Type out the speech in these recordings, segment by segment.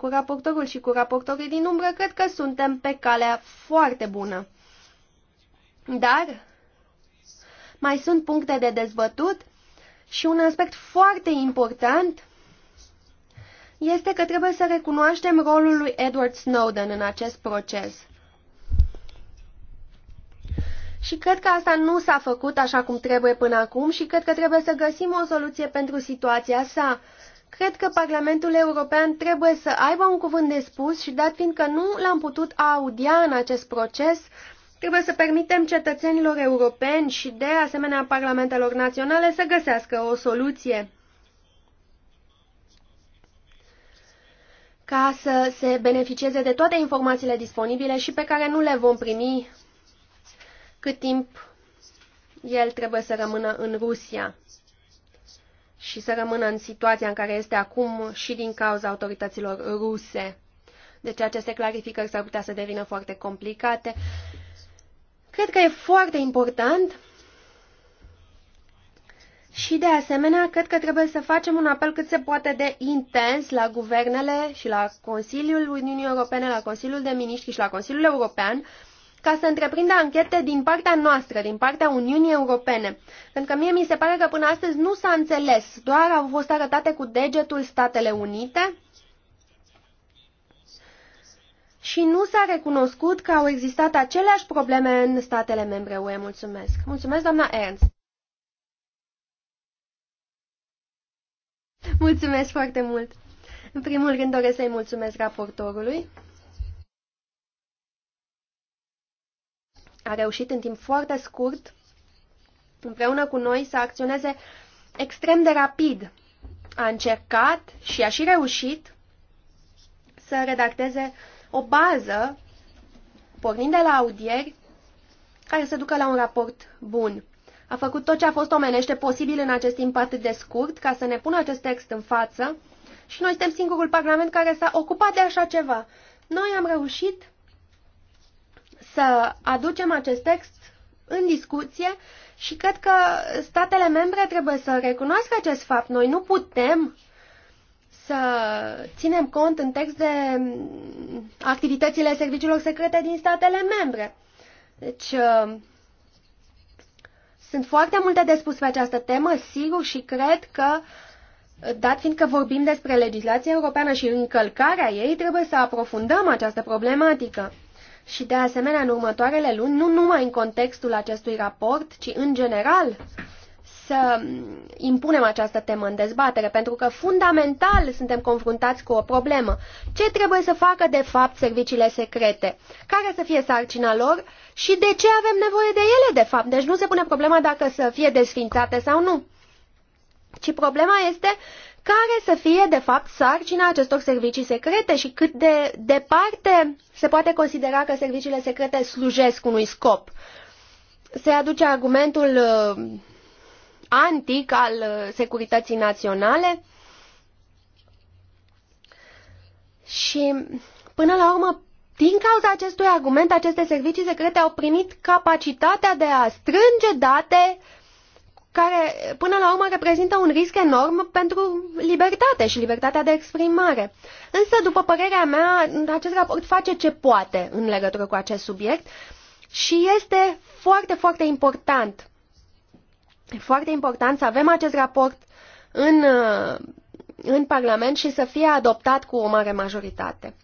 cu raportorul și cu raportorii din umbră, cred că suntem pe calea foarte bună. Dar mai sunt puncte de dezbătut și un aspect foarte important este că trebuie să recunoaștem rolul lui Edward Snowden în acest proces. Și cred că asta nu s-a făcut așa cum trebuie până acum și cred că trebuie să găsim o soluție pentru situația sa. Cred că Parlamentul European trebuie să aibă un cuvânt de spus și dat fiindcă nu l-am putut audia în acest proces, trebuie să permitem cetățenilor europeni și de asemenea parlamentelor naționale să găsească o soluție. ca să se beneficieze de toate informațiile disponibile și pe care nu le vom primi cât timp el trebuie să rămână în Rusia și să rămână în situația în care este acum și din cauza autorităților ruse. Deci aceste clarificări s-ar putea să devină foarte complicate. Cred că e foarte important și de asemenea, cred că trebuie să facem un apel cât se poate de intens la guvernele și la Consiliul Uniunii Europene, la Consiliul de Miniștri și la Consiliul European ca să întreprindă anchete din partea noastră, din partea Uniunii Europene. Pentru că mie mi se pare că până astăzi nu s-a înțeles, doar au fost arătate cu degetul Statele Unite și nu s-a recunoscut că au existat aceleași probleme în statele membre UE. Mulțumesc. Mulțumesc, doamna Ernst. Mulțumesc foarte mult. În primul rând doresc să-i mulțumesc raportorului. a reușit în timp foarte scurt împreună cu noi să acționeze extrem de rapid. A încercat și a și reușit să redacteze o bază, pornind de la audieri, care să ducă la un raport bun. A făcut tot ce a fost omenește posibil în acest timp atât de scurt ca să ne pună acest text în față și noi suntem singurul parlament care s-a ocupat de așa ceva. Noi am reușit să aducem acest text în discuție și cred că statele membre trebuie să recunoască acest fapt. Noi nu putem să ținem cont în text de activitățile serviciilor secrete din statele membre. Deci, uh, sunt foarte multe de spus pe această temă, sigur, și cred că, dat fiindcă vorbim despre legislația europeană și încălcarea ei, trebuie să aprofundăm această problematică și de asemenea în următoarele luni, nu numai în contextul acestui raport, ci în general, să impunem această temă în dezbatere, pentru că fundamental suntem confruntați cu o problemă. Ce trebuie să facă de fapt serviciile secrete? Care să fie sarcina lor și de ce avem nevoie de ele de fapt? Deci nu se pune problema dacă să fie desfințate sau nu. Ci problema este care să fie, de fapt, sarcina acestor servicii secrete și cât de departe se poate considera că serviciile secrete slujesc unui scop. Se aduce argumentul uh, antic al uh, securității naționale și, până la urmă, din cauza acestui argument, aceste servicii secrete au primit capacitatea de a strânge date uh, care până la urmă reprezintă un risc enorm pentru libertate și libertatea de exprimare. Însă, după părerea mea, acest raport face ce poate în legătură cu acest subiect și este foarte, foarte important. E foarte important să avem acest raport în, în Parlament și să fie adoptat cu o mare majoritate.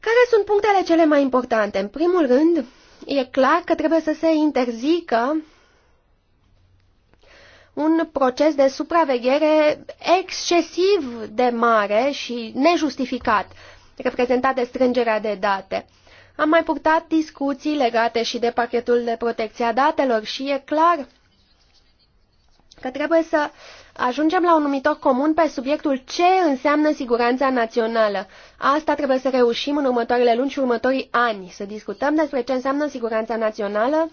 Care sunt punctele cele mai importante? În primul rând, e clar că trebuie să se interzică un proces de supraveghere excesiv de mare și nejustificat, reprezentat de strângerea de date. Am mai purtat discuții legate și de pachetul de protecție a datelor și e clar că trebuie să ajungem la un numitor comun pe subiectul ce înseamnă siguranța națională. Asta trebuie să reușim în următoarele luni și următorii ani, să discutăm despre ce înseamnă siguranța națională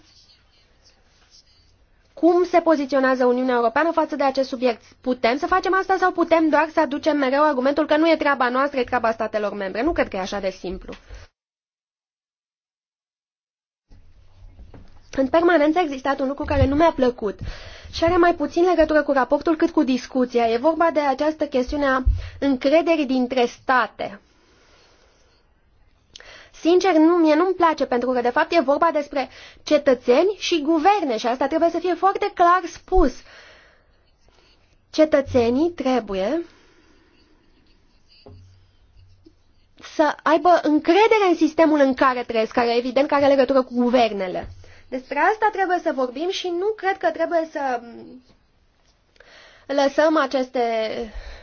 cum se poziționează Uniunea Europeană față de acest subiect? Putem să facem asta sau putem doar să aducem mereu argumentul că nu e treaba noastră, e treaba statelor membre? Nu cred că e așa de simplu. În permanență a existat un lucru care nu mi-a plăcut și are mai puțin legătură cu raportul cât cu discuția. E vorba de această chestiune a încrederii dintre state. Sincer, nu, mie nu-mi place, pentru că, de fapt, e vorba despre cetățeni și guverne și asta trebuie să fie foarte clar spus. Cetățenii trebuie să aibă încredere în sistemul în care trăiesc, care evident care are legătură cu guvernele. Despre asta trebuie să vorbim și nu cred că trebuie să lăsăm aceste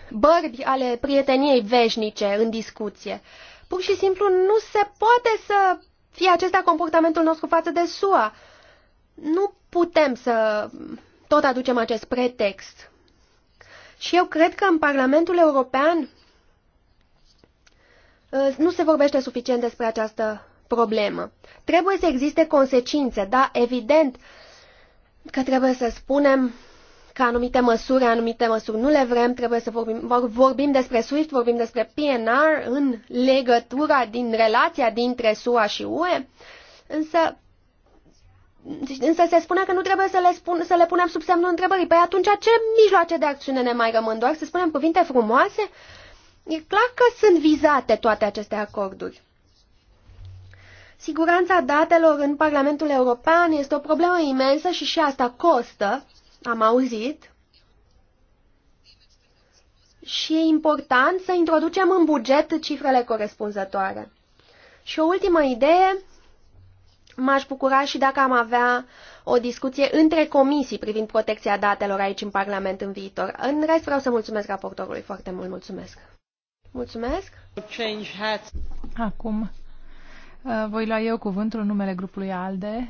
bărbi ale prieteniei veșnice în discuție. Uh, Pur și simplu nu se poate să fie acesta comportamentul nostru față de SUA. Nu putem să tot aducem acest pretext. Și eu cred că în Parlamentul European uh, nu se vorbește suficient despre această problemă. Trebuie să existe consecințe, da, evident că trebuie să spunem ca anumite măsuri, anumite măsuri nu le vrem, trebuie să vorbim, vorbim despre SWIFT, vorbim despre PNR în legătura din relația dintre SUA și UE, însă Însă se spune că nu trebuie să le, spun, să le punem sub semnul întrebării. Păi atunci ce mijloace de acțiune ne mai rămân? Doar să spunem cuvinte frumoase? E clar că sunt vizate toate aceste acorduri. Siguranța datelor în Parlamentul European este o problemă imensă și și asta costă am auzit. Și e important să introducem în buget cifrele corespunzătoare. Și o ultimă idee, m-aș bucura și dacă am avea o discuție între comisii privind protecția datelor aici în Parlament în viitor. În rest vreau să mulțumesc raportorului foarte mult. Mulțumesc! Mulțumesc! Acum uh, voi lua eu cuvântul în numele grupului ALDE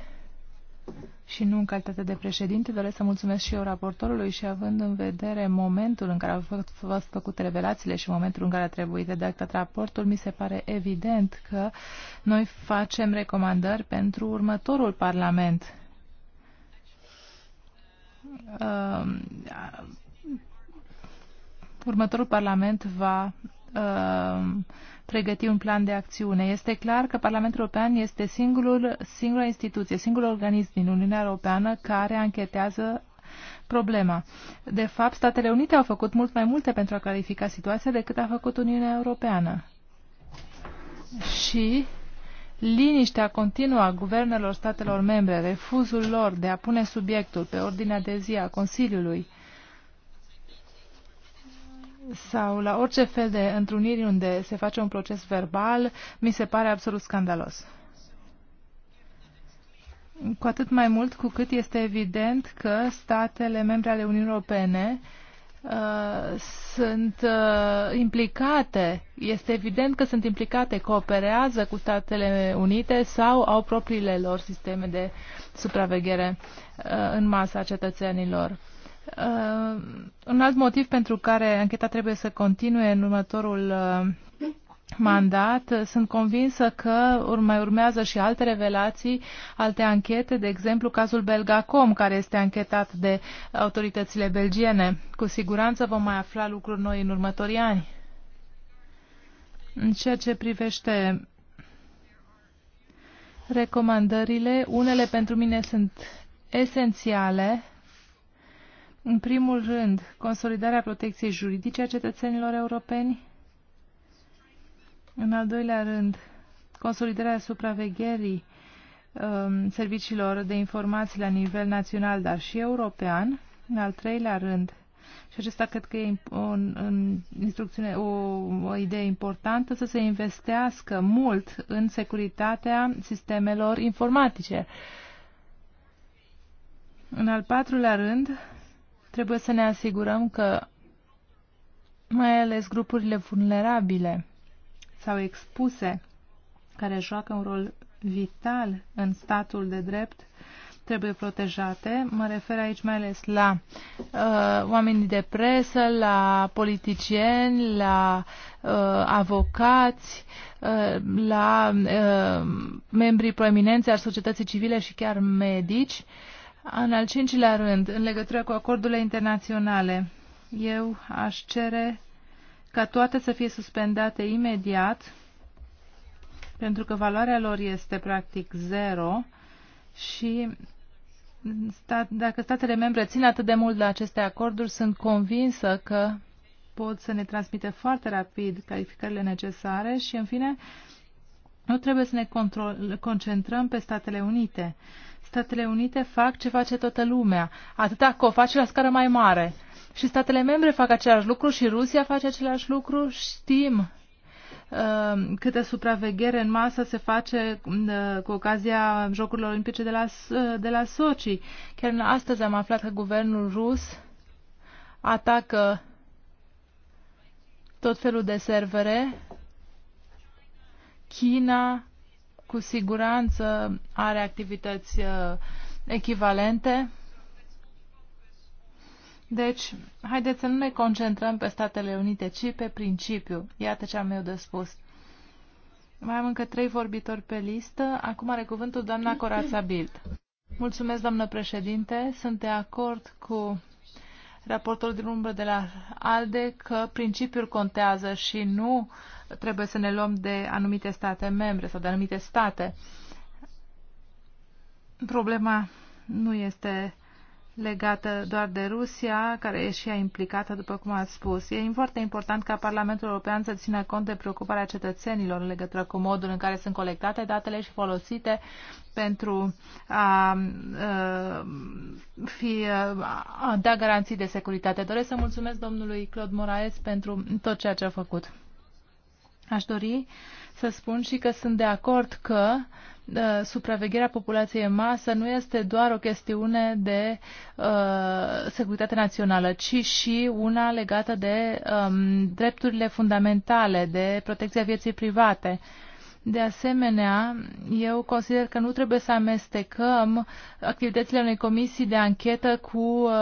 și nu în calitate de președinte, doresc să mulțumesc și eu raportorului și având în vedere momentul în care au fost, fost făcute revelațiile și momentul în care a trebuit redactat raportul, mi se pare evident că noi facem recomandări pentru următorul Parlament. Um, următorul Parlament va uh, pregăti un plan de acțiune. Este clar că Parlamentul European este singurul, singura instituție, singurul organism din Uniunea Europeană care anchetează problema. De fapt, Statele Unite au făcut mult mai multe pentru a clarifica situația decât a făcut Uniunea Europeană. Și liniștea continuă a guvernelor statelor membre, refuzul lor de a pune subiectul pe ordinea de zi a Consiliului, sau la orice fel de întruniri unde se face un proces verbal, mi se pare absolut scandalos. Cu atât mai mult cu cât este evident că statele membre ale Uniunii Europene uh, sunt uh, implicate, este evident că sunt implicate, cooperează cu Statele Unite sau au propriile lor sisteme de supraveghere uh, în masa cetățenilor Uh, un alt motiv pentru care ancheta trebuie să continue în următorul uh, mandat, sunt convinsă că mai urmează și alte revelații, alte anchete, de exemplu cazul Belgacom, care este anchetat de autoritățile belgiene. Cu siguranță vom mai afla lucruri noi în următorii ani. În ceea ce privește recomandările, unele pentru mine sunt esențiale în primul rând, consolidarea protecției juridice a cetățenilor europeni. În al doilea rând, consolidarea supravegherii um, serviciilor de informații la nivel național, dar și european. În al treilea rând, și acesta cred că e o, în instrucțiune, o, o idee importantă, să se investească mult în securitatea sistemelor informatice. În al patrulea rând, Trebuie să ne asigurăm că mai ales grupurile vulnerabile sau expuse, care joacă un rol vital în statul de drept, trebuie protejate. Mă refer aici mai ales la uh, oamenii de presă, la politicieni, la uh, avocați, uh, la uh, membrii proeminenți al societății civile și chiar medici. Uh, în al cincilea rând, în legătură cu acordurile internaționale, eu aș cere ca toate să fie suspendate imediat, pentru că valoarea lor este practic zero și stat, dacă statele membre țin atât de mult la aceste acorduri, sunt convinsă că pot să ne transmite foarte rapid calificările necesare și, în fine, nu trebuie să ne control, concentrăm pe Statele Unite. Uh, Statele Unite fac ce face toată lumea, atâta că o face la scară mai mare. Și statele membre fac același lucru și Rusia face același lucru. Știm uh, câtă supraveghere în masă se face uh, cu ocazia Jocurilor Olimpice de la, uh, de la Sochi. Chiar în astăzi am aflat că guvernul rus atacă tot felul de servere. China, cu siguranță are activități uh, echivalente. Deci, haideți să nu ne concentrăm pe Statele Unite, ci pe principiu. Iată ce am eu de spus. Mai am încă trei vorbitori pe listă. Acum are cuvântul doamna Corața Bild. Mulțumesc, doamnă președinte. Sunt de acord cu raportul din umbră de la ALDE că principiul contează și nu uh, trebuie să ne luăm de anumite state membre sau de anumite state. Problema nu este legată doar de Rusia, care e și ea implicată, după cum ați spus. E foarte important ca Parlamentul European să țină cont de preocuparea cetățenilor în legătură cu modul în care sunt colectate datele și folosite pentru a, uh, fi, uh, a da garanții de securitate. Doresc să mulțumesc domnului Claude Moraes pentru tot ceea ce a făcut. Aș dori să spun și că sunt de acord că uh, supravegherea populației în masă nu este doar o chestiune de uh, securitate națională, ci și una legată de um, drepturile fundamentale, de protecția vieții private. Uh, de asemenea, eu consider că nu trebuie să amestecăm activitățile unei comisii de anchetă cu uh,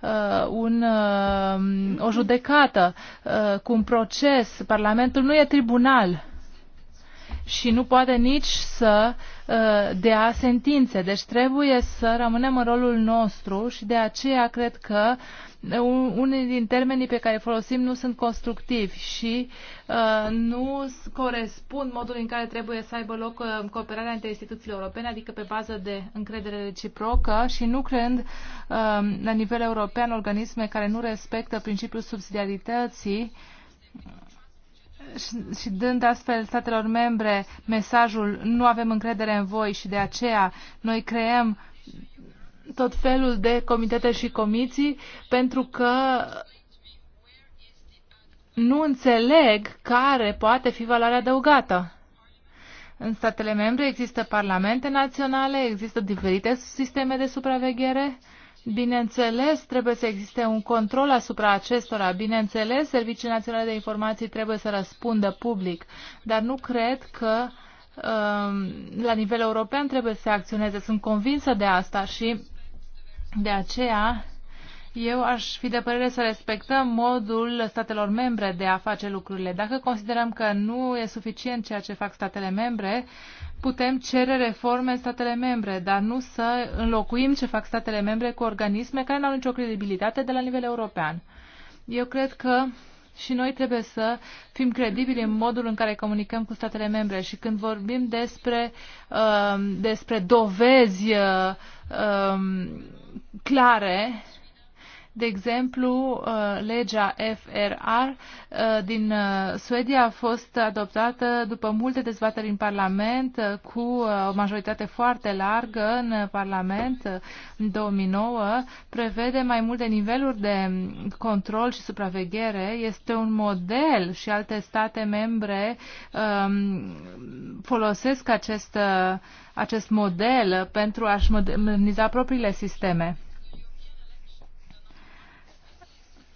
uh, un, uh, o judecată, uh, cu un proces. Parlamentul nu e tribunal și nu poate nici să uh, dea sentințe. Deci trebuie să rămânem în rolul nostru și de aceea cred că uh, unii din termenii pe care îi folosim nu sunt constructivi și uh, nu corespund modul în care trebuie să aibă loc uh, cooperarea între instituțiile europene, adică pe bază de încredere reciprocă și nu creând uh, la nivel european organisme care nu respectă principiul subsidiarității și, și dând astfel statelor membre mesajul nu avem încredere în voi și de aceea noi creăm uh, tot felul de comitete și comisii pentru că nu înțeleg care poate fi valoarea adăugată. În statele membre există parlamente naționale, există diferite sisteme de supraveghere. Bineînțeles, trebuie să existe un control asupra acestora. Bineînțeles, Serviciul Naționale de Informații trebuie să răspundă public, dar nu cred că um, la nivel european trebuie să acționeze. Sunt convinsă de asta și de aceea, eu aș fi de părere să respectăm modul statelor membre de a face lucrurile. Dacă considerăm că nu e suficient ceea ce fac statele membre, putem cere reforme în statele membre, dar nu să înlocuim ce fac statele membre cu organisme care nu au nicio credibilitate de la nivel european. Eu cred că și noi trebuie să fim credibili în modul în care comunicăm cu statele membre și când vorbim despre, uh, despre dovezi uh, um, clare, de exemplu, uh, legea FRR uh, din uh, Suedia a fost adoptată după multe dezbateri în Parlament cu o majoritate foarte largă în Parlament în 2009. Prevede mai multe niveluri de control și supraveghere. Este un model și alte state membre um, folosesc acest, acest model pentru a-și moderniza propriile sisteme.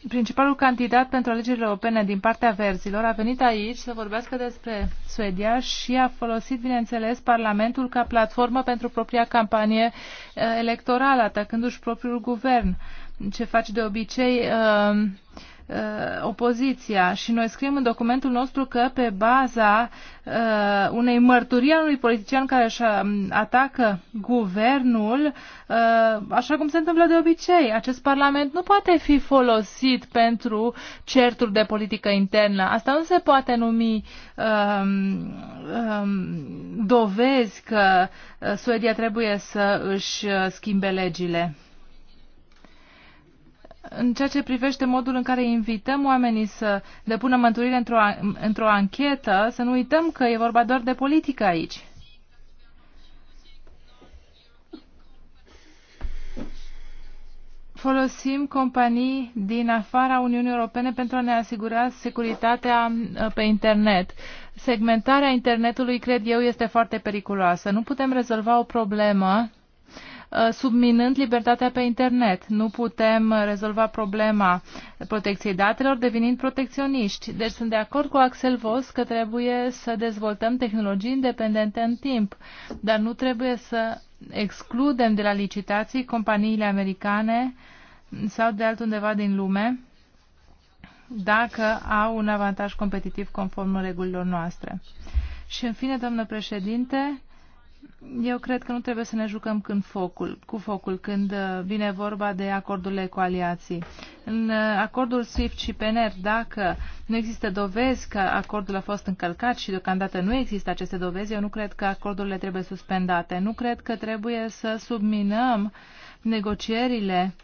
principalul candidat pentru alegerile europene din partea verzilor a venit aici să vorbească despre Suedia și a folosit, bineînțeles, Parlamentul ca platformă pentru propria campanie eh, electorală, atacându-și propriul guvern. Ce face de obicei eh, uh, opoziția și noi scriem în documentul nostru că pe baza uh, unei mărturii a unui politician care își um, atacă guvernul, uh, așa cum se întâmplă de obicei, acest parlament nu poate fi folosit pentru certuri de politică internă. Asta nu se poate numi um, um, dovezi că uh, Suedia trebuie să își uh, schimbe legile. În ceea ce privește modul în care invităm oamenii să depună mântuire într-o, într-o anchetă, să nu uităm că e vorba doar de politică aici. folosim companii din afara Uniunii Europene pentru a ne asigura securitatea ă, pe internet. Segmentarea internetului, cred eu, este foarte periculoasă. Nu putem rezolva o problemă Uh, subminând libertatea pe internet. Nu putem rezolva problema protecției datelor devenind protecționiști. Deci sunt de acord cu Axel Voss că trebuie să dezvoltăm tehnologii independente în timp, dar nu trebuie să excludem de la licitații companiile americane sau de altundeva din lume dacă au un avantaj competitiv conform regulilor noastre. Și în fine, domnule președinte, eu cred că nu trebuie să ne jucăm când focul, cu focul când uh, vine vorba de acordurile cu aliații. În uh, acordul SWIFT și PNR, dacă nu există dovezi că acordul a fost încălcat și deocamdată nu există aceste dovezi, eu nu cred că acordurile trebuie suspendate. Nu cred că trebuie să subminăm negocierile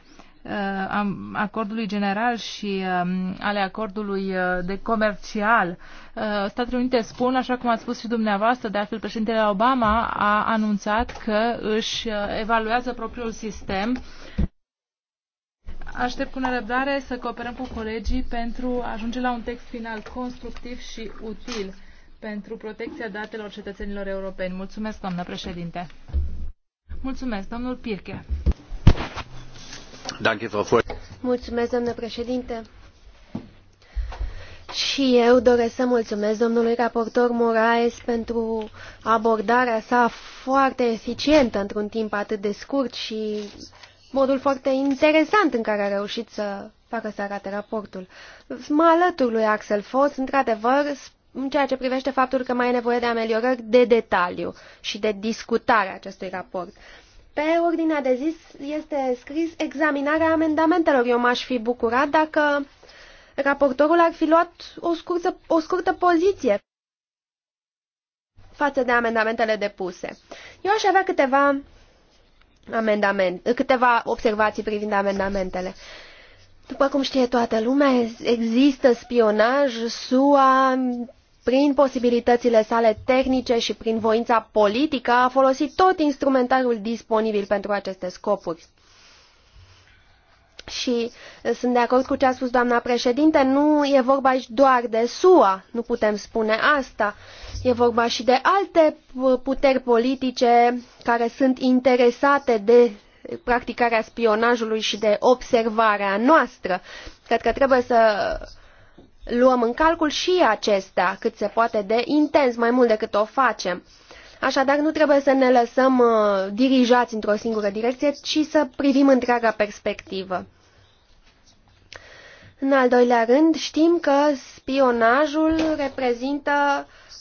Uh, acordului general și um, ale acordului uh, de comercial. Uh, Statele Unite spun, așa cum ați spus și dumneavoastră, de altfel președintele Obama a anunțat că își evaluează propriul sistem. Aștept cu nerăbdare să cooperăm cu colegii pentru a ajunge la un text final constructiv și util pentru protecția datelor cetățenilor europeni. Mulțumesc, doamnă președinte. Mulțumesc, domnul Pirche. Mulțumesc, președinte. Și eu doresc să mulțumesc domnului raportor Moraes pentru abordarea sa foarte eficientă într-un timp atât de scurt și modul foarte interesant în care a reușit să facă să arate raportul. Mă alătur lui Axel Foss, într-adevăr, în ceea ce privește faptul că mai e nevoie de ameliorări de detaliu și de discutare acestui raport. Pe ordinea de zi este scris examinarea amendamentelor. Eu m-aș fi bucurat dacă raportorul ar fi luat o scurtă, o scurtă poziție față de amendamentele depuse. Eu aș avea câteva, amendament, câteva observații privind amendamentele. După cum știe toată lumea, există spionaj, SUA, prin posibilitățile sale tehnice și prin voința politică, a folosit tot instrumentarul disponibil pentru aceste scopuri. Și sunt de acord cu ce a spus doamna președinte, nu e vorba aici doar de SUA, nu putem spune asta. E vorba și de alte puteri politice care sunt interesate de practicarea spionajului și de observarea noastră. Cred că trebuie să luăm în calcul și acestea cât se poate de intens, mai mult decât o facem. Așadar, nu trebuie să ne lăsăm uh, dirijați într-o singură direcție, ci să privim întreaga perspectivă. În al doilea rând, știm că spionajul reprezintă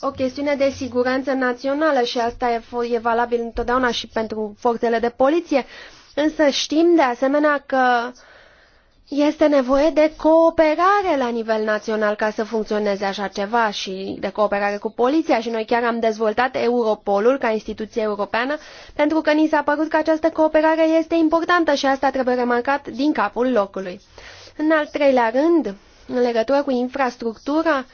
o chestiune de siguranță națională și asta e, e valabil întotdeauna și pentru forțele de poliție, însă știm de asemenea că uh, este nevoie de cooperare la nivel național ca să funcționeze așa ceva și de cooperare cu poliția și noi chiar am dezvoltat Europolul ca instituție europeană pentru că ni s-a părut că această cooperare este importantă și asta trebuie remarcat din capul locului. În al treilea rând, în legătură cu infrastructura,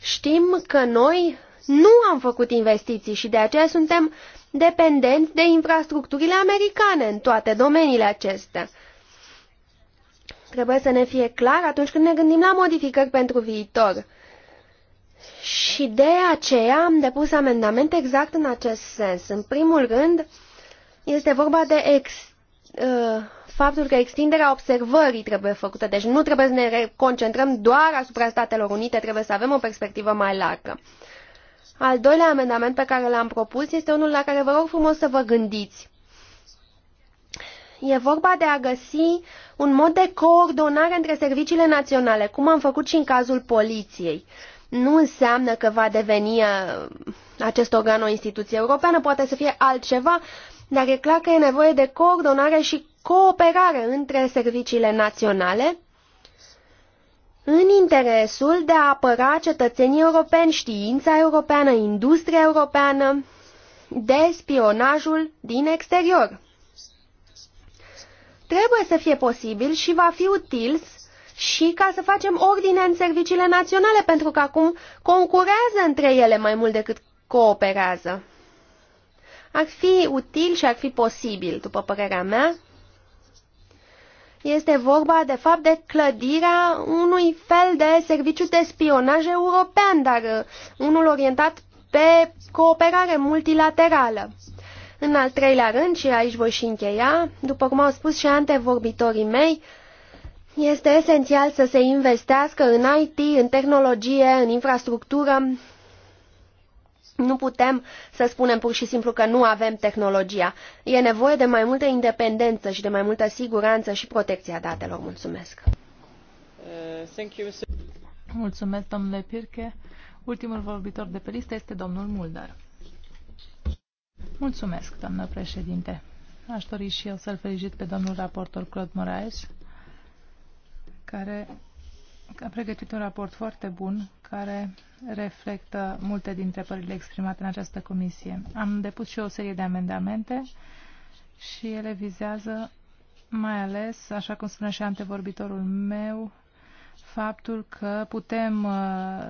știm că noi nu am făcut investiții și de aceea suntem dependenți de infrastructurile americane în toate domeniile acestea. Trebuie să ne fie clar atunci când ne gândim la modificări pentru viitor. Și de aceea am depus amendamente exact în acest sens. În primul rând, este vorba de ex, uh, faptul că extinderea observării trebuie făcută. Deci nu trebuie să ne concentrăm doar asupra Statelor Unite, trebuie să avem o perspectivă mai largă. Al doilea amendament pe care l-am propus este unul la care vă rog frumos să vă gândiți. E vorba de a găsi un mod de coordonare între serviciile naționale, cum am făcut și în cazul poliției. Nu înseamnă că va deveni uh, acest organ o instituție europeană, poate să fie altceva, dar e clar că e nevoie de coordonare și cooperare între serviciile naționale în interesul de a apăra cetățenii europeni, știința europeană, industria europeană de spionajul din exterior trebuie să fie posibil și va fi util și ca să facem ordine în serviciile naționale, pentru că acum concurează între ele mai mult decât cooperează. Ar fi util și ar fi posibil, după părerea mea. Este vorba, de fapt, de clădirea unui fel de serviciu de spionaj european, dar unul orientat pe cooperare multilaterală. În al treilea rând, și aici voi și încheia, după cum au spus și antevorbitorii mei, este esențial să se investească în IT, în tehnologie, în infrastructură. Nu putem să spunem pur și simplu că nu avem tehnologia. E nevoie de mai multă independență și de mai multă siguranță și protecția datelor. Mulțumesc! Mulțumesc, domnule Pirche. Ultimul vorbitor de pe listă este domnul Muldar. Mulțumesc, doamnă președinte. Aș dori și eu să-l felicit pe domnul raportor Claude Moraes, care a pregătit un raport foarte bun care reflectă multe dintre părerile exprimate în această comisie. Am depus și eu o serie de amendamente și ele vizează mai ales, așa cum spunea și antevorbitorul meu, faptul că putem uh,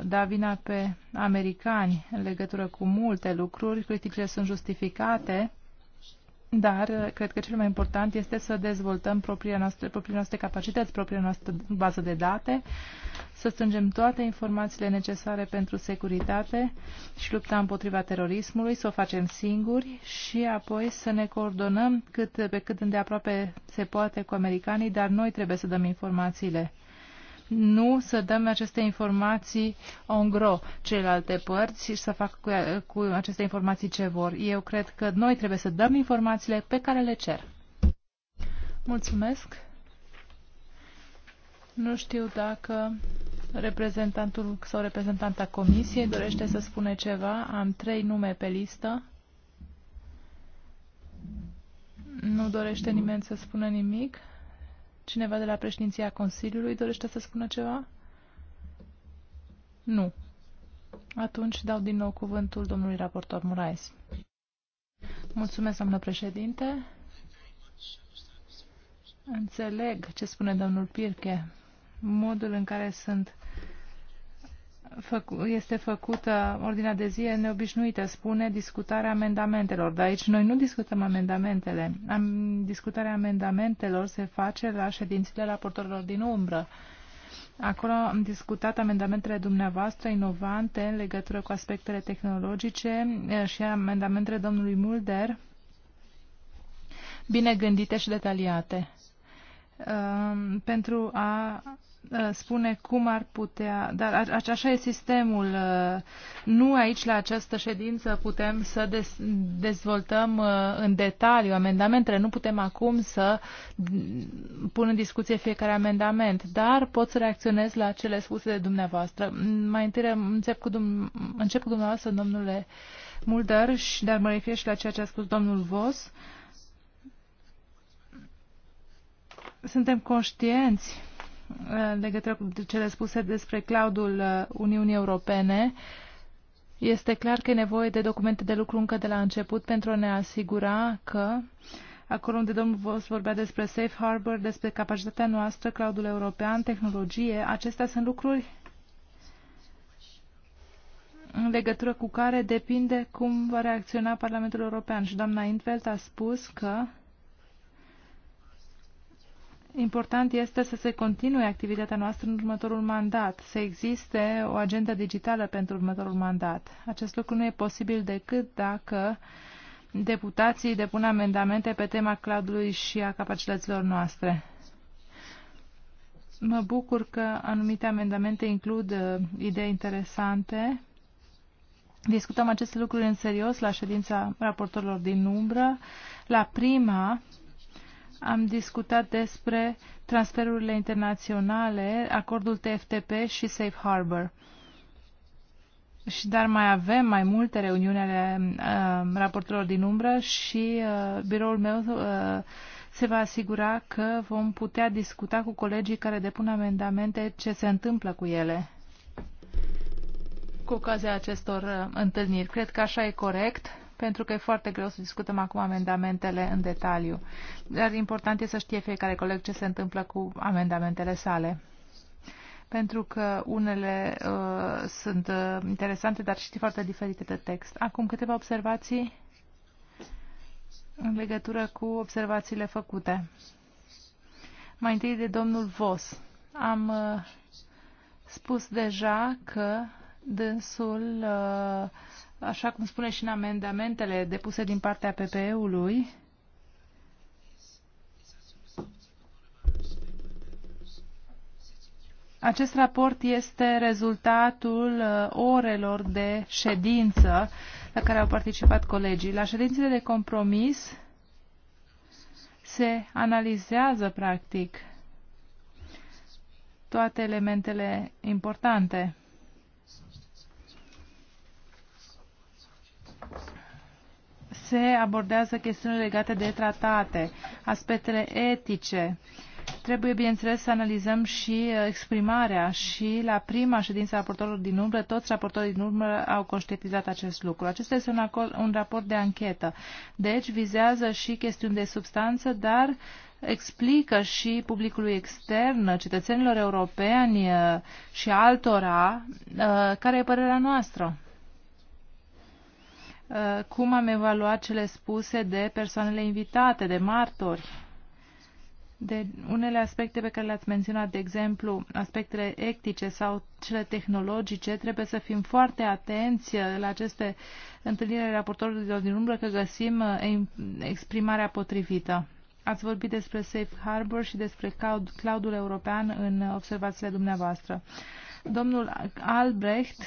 da vina pe americani în legătură cu multe lucruri, criticile sunt justificate, dar uh, cred că cel mai important este să dezvoltăm propria noastră, propria noastre capacități, propria noastră bază de date, să strângem toate informațiile necesare pentru securitate și lupta împotriva terorismului, să o facem singuri și apoi să ne coordonăm cât, pe cât îndeaproape se poate cu americanii, dar noi trebuie să dăm informațiile nu să dăm aceste informații în gro celelalte părți și să fac cu, cu aceste informații ce vor. Eu cred că noi trebuie să dăm informațiile pe care le cer. Mulțumesc. Nu știu dacă reprezentantul sau reprezentanta comisiei dorește să spune ceva. Am trei nume pe listă. Nu dorește nimeni să spună nimic. Cineva de la președinția Consiliului dorește să spună ceva? Nu. Atunci dau din nou cuvântul domnului raportor Moraes. Mulțumesc, doamnă președinte. Înțeleg ce spune domnul Pirche. Modul în care sunt este făcută ordinea de zi neobișnuită, spune discutarea amendamentelor, dar aici noi nu discutăm amendamentele. Am, discutarea amendamentelor se face la ședințele raportorilor din umbră. Acolo am discutat amendamentele dumneavoastră inovante în legătură cu aspectele tehnologice eh, și amendamentele domnului Mulder bine gândite și detaliate. Um, pentru a uh, spune cum ar putea, dar așa e sistemul. Uh, nu aici la această ședință putem să dezvoltăm uh, în detaliu amendamentele, nu putem acum să pun în discuție fiecare amendament, dar pot să reacționez la cele spuse de dumneavoastră. Mai întâi încep cu, dum- încep cu dumneavoastră, domnule Mulder, dar mă refer și la ceea ce a spus domnul Vos. Uh, Suntem conștienți în legătură cu cele spuse despre cloudul uh, Uniunii Europene. Este clar că e nevoie de documente de lucru încă de la început pentru a ne asigura că acolo unde domnul Vos vorbea despre safe harbor, despre capacitatea noastră, cloudul european, tehnologie, acestea sunt lucruri în legătură cu care depinde cum va reacționa Parlamentul European. Și doamna Intveld a spus că important este să se continue activitatea noastră în următorul mandat, să existe o agendă digitală pentru următorul mandat. Acest lucru nu e posibil decât dacă deputații depun amendamente pe tema cladului și a capacităților noastre. Mă bucur că anumite amendamente includ uh, idei interesante. Discutăm aceste lucruri în serios la ședința raportorilor din umbră. La prima am discutat despre transferurile internaționale, acordul TFTP și Safe Harbor. Și dar mai avem mai multe reuniuni ale uh, raporturilor din umbră și uh, biroul meu uh, se va asigura că vom putea discuta cu colegii care depun amendamente ce se întâmplă cu ele cu ocazia acestor uh, întâlniri. Cred că așa e corect pentru că e foarte greu să discutăm acum amendamentele în detaliu. Dar important e să știe fiecare coleg ce se întâmplă cu amendamentele sale pentru că unele uh, sunt uh, interesante, dar și foarte diferite de text. Acum câteva observații în legătură cu observațiile făcute. Mai întâi de domnul Vos. Am uh, spus deja că dânsul uh, așa cum spune și în amendamentele depuse din partea PPE-ului, Acest raport este rezultatul uh, orelor de ședință la care au participat colegii. La ședințele de compromis se analizează, practic, toate elementele importante. se abordează chestiuni legate de tratate, aspectele etice. Trebuie, bineînțeles, să analizăm și uh, exprimarea și la prima ședință a raportorilor din umbră, toți raportorii din umbră au conștientizat acest lucru. Acesta este un, acord, un raport de anchetă, deci vizează și chestiuni de substanță, dar explică și publicului extern, cetățenilor europeni uh, și altora, uh, care e părerea noastră. Uh, cum am evaluat cele spuse de persoanele invitate, de martori. De unele aspecte pe care le-ați menționat, de exemplu, aspectele etice sau cele tehnologice, trebuie să fim foarte atenți la aceste întâlniri ale raportorilor din umbră că găsim uh, exprimarea potrivită. Ați vorbit despre Safe Harbor și despre cloudul european în observațiile dumneavoastră. Domnul Albrecht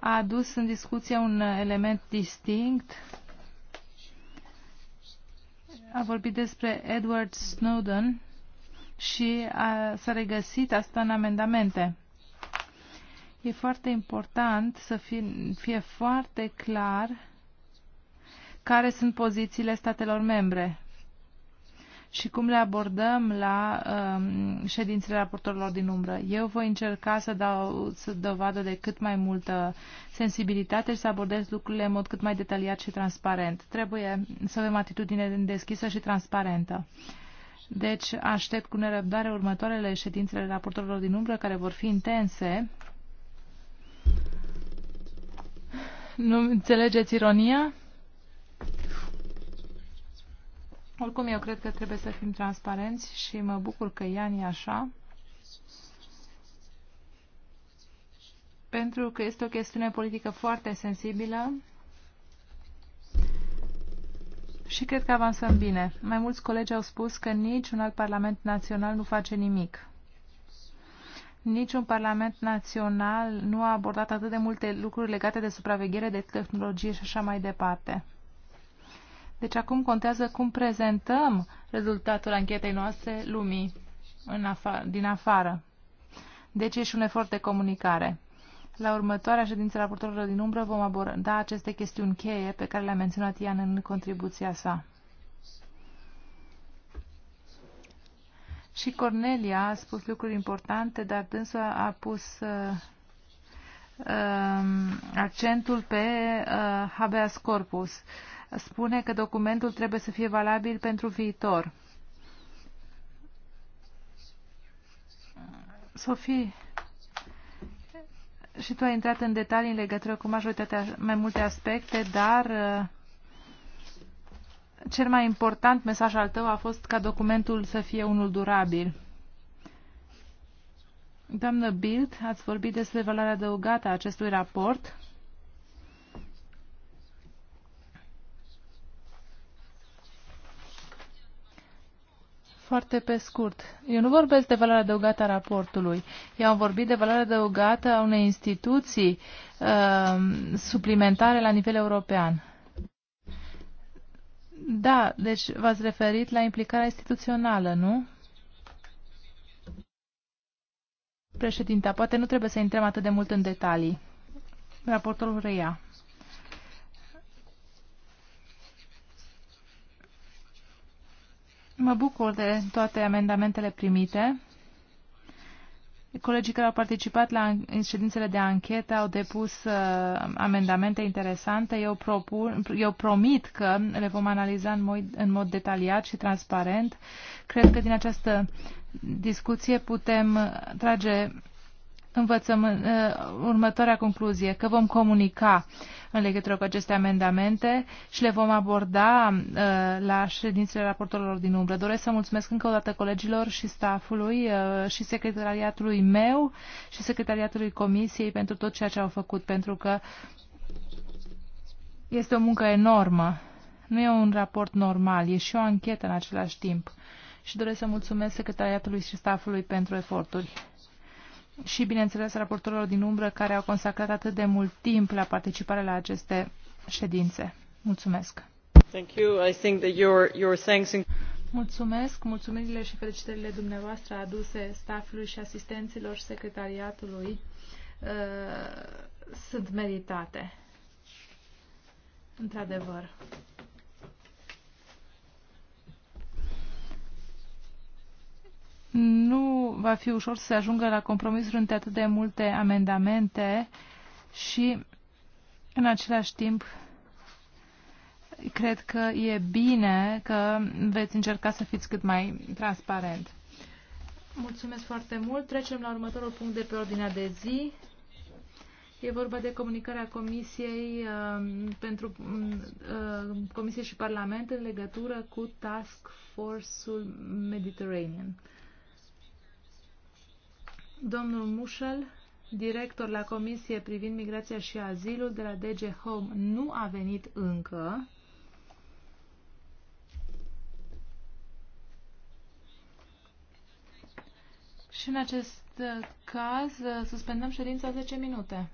a adus în discuție un element distinct. A vorbit despre Edward Snowden și s-a regăsit asta în amendamente. E foarte important să fie, fie foarte clar care sunt pozițiile statelor membre și cum le abordăm la um, ședințele raportorilor din umbră. Eu voi încerca să dau să dovadă de cât mai multă sensibilitate și să abordez lucrurile în mod cât mai detaliat și transparent. Trebuie să avem atitudine deschisă și transparentă. Deci aștept cu nerăbdare următoarele ședințele raportorilor din umbră, care vor fi intense. Nu înțelegeți ironia? Oricum, eu cred că trebuie să fim transparenți și mă bucur că Ian e așa. Pentru că este o chestiune politică foarte sensibilă și cred că avansăm bine. Mai mulți colegi au spus că nici un alt parlament național nu face nimic. Niciun parlament național nu a abordat atât de multe lucruri legate de supraveghere, de tehnologie și așa mai departe. Deci acum contează cum prezentăm rezultatul anchetei noastre lumii în afa din afară. Deci e și un efort de comunicare. La următoarea ședință raportorilor din umbră vom aborda aceste chestiuni cheie pe care le-a menționat Ian în contribuția sa. Și Cornelia a spus lucruri importante, dar dânsul a pus uh, uh, accentul pe uh, habeas corpus. Uh, spune că documentul trebuie să fie valabil pentru viitor. Sofie, și tu ai intrat în detalii în legătură cu majoritatea mai multe aspecte, dar uh, cel mai important mesaj al tău a fost ca documentul să fie unul durabil. Doamnă Bild, ați vorbit despre valoarea adăugată a acestui raport Foarte pe scurt. Eu nu vorbesc de valoarea adăugată a raportului. Eu am vorbit de valoarea adăugată a unei instituții uh, suplimentare la nivel european. Da, deci v-ați referit la implicarea instituțională, nu? Președinta, poate nu trebuie să intrăm atât de mult în detalii. Raportul reia. Mă bucur de toate amendamentele primite. Colegii care au participat la ședințele de anchetă au depus uh, amendamente interesante. Eu, propun, eu promit că le vom analiza în mod, în mod detaliat și transparent. Cred că din această discuție putem trage învățăm uh, următoarea concluzie, că vom comunica în legătură cu aceste amendamente și le vom aborda uh, la ședințele raportorilor din umbră. Doresc să mulțumesc încă o dată colegilor și staffului uh, și secretariatului meu și secretariatului comisiei pentru tot ceea ce au făcut, pentru că este o muncă enormă. Nu e un raport normal, e și o anchetă în același timp. Și doresc să mulțumesc secretariatului și staffului pentru eforturi și, bineînțeles, raportorilor din umbră care au consacrat atât de mult timp la participarea la aceste ședințe. Mulțumesc! Thank you. I think that your, your thanks in... Mulțumesc, mulțumirile și felicitările dumneavoastră aduse staffului și asistenților și secretariatului uh, sunt meritate. Într-adevăr. nu va fi ușor să se ajungă la compromisuri între atât de multe amendamente și în același timp cred că e bine că veți încerca să fiți cât mai transparent. Mulțumesc foarte mult. Trecem la următorul punct de pe ordinea de zi. E vorba de comunicarea Comisiei uh, pentru uh, um, um, Comisie și Parlament în legătură cu Task Force-ul Mediterranean. Domnul Mușel, director la Comisie privind migrația și azilul de la DG Home, nu a venit încă. Și în acest uh, caz uh, suspendăm ședința 10 minute.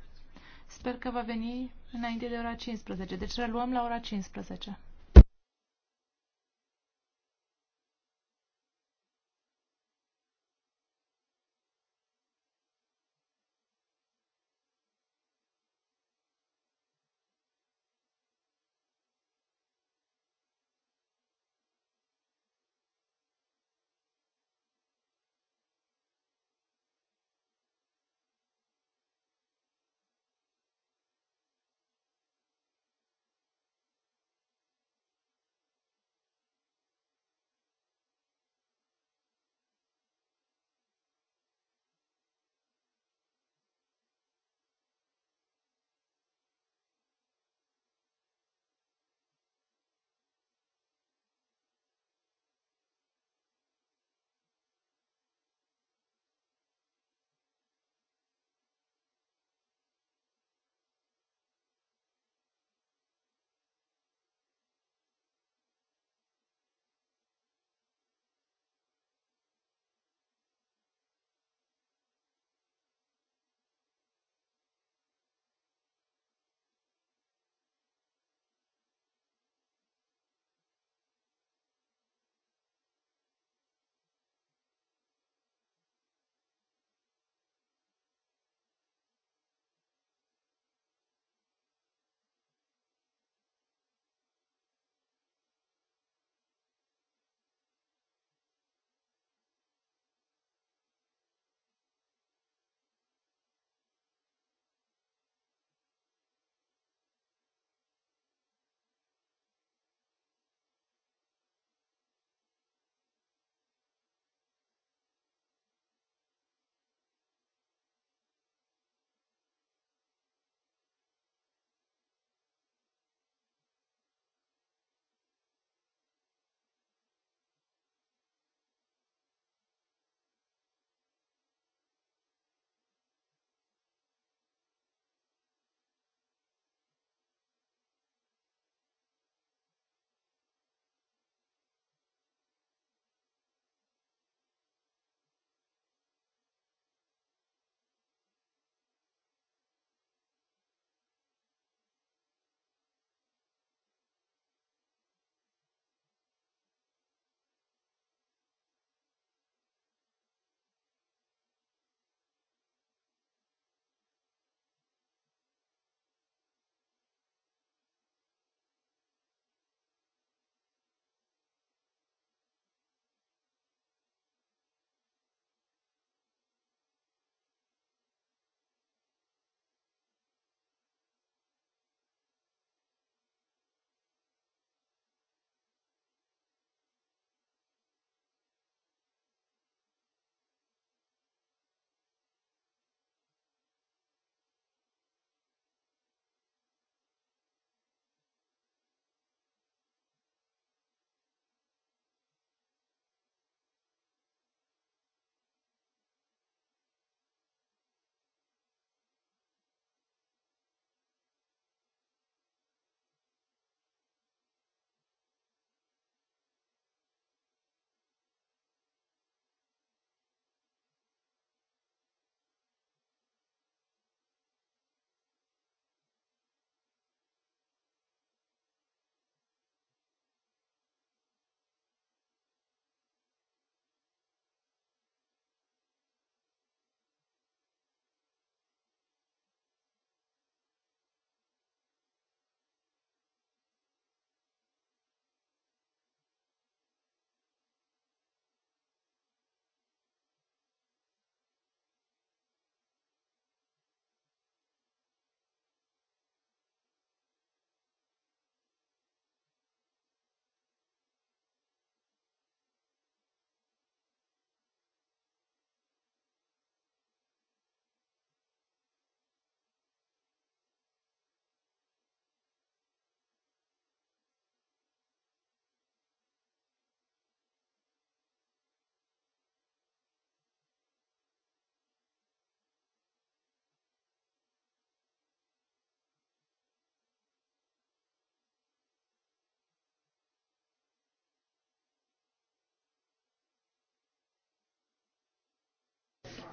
Sper că va veni înainte de ora 15. Deci reluăm la ora 15.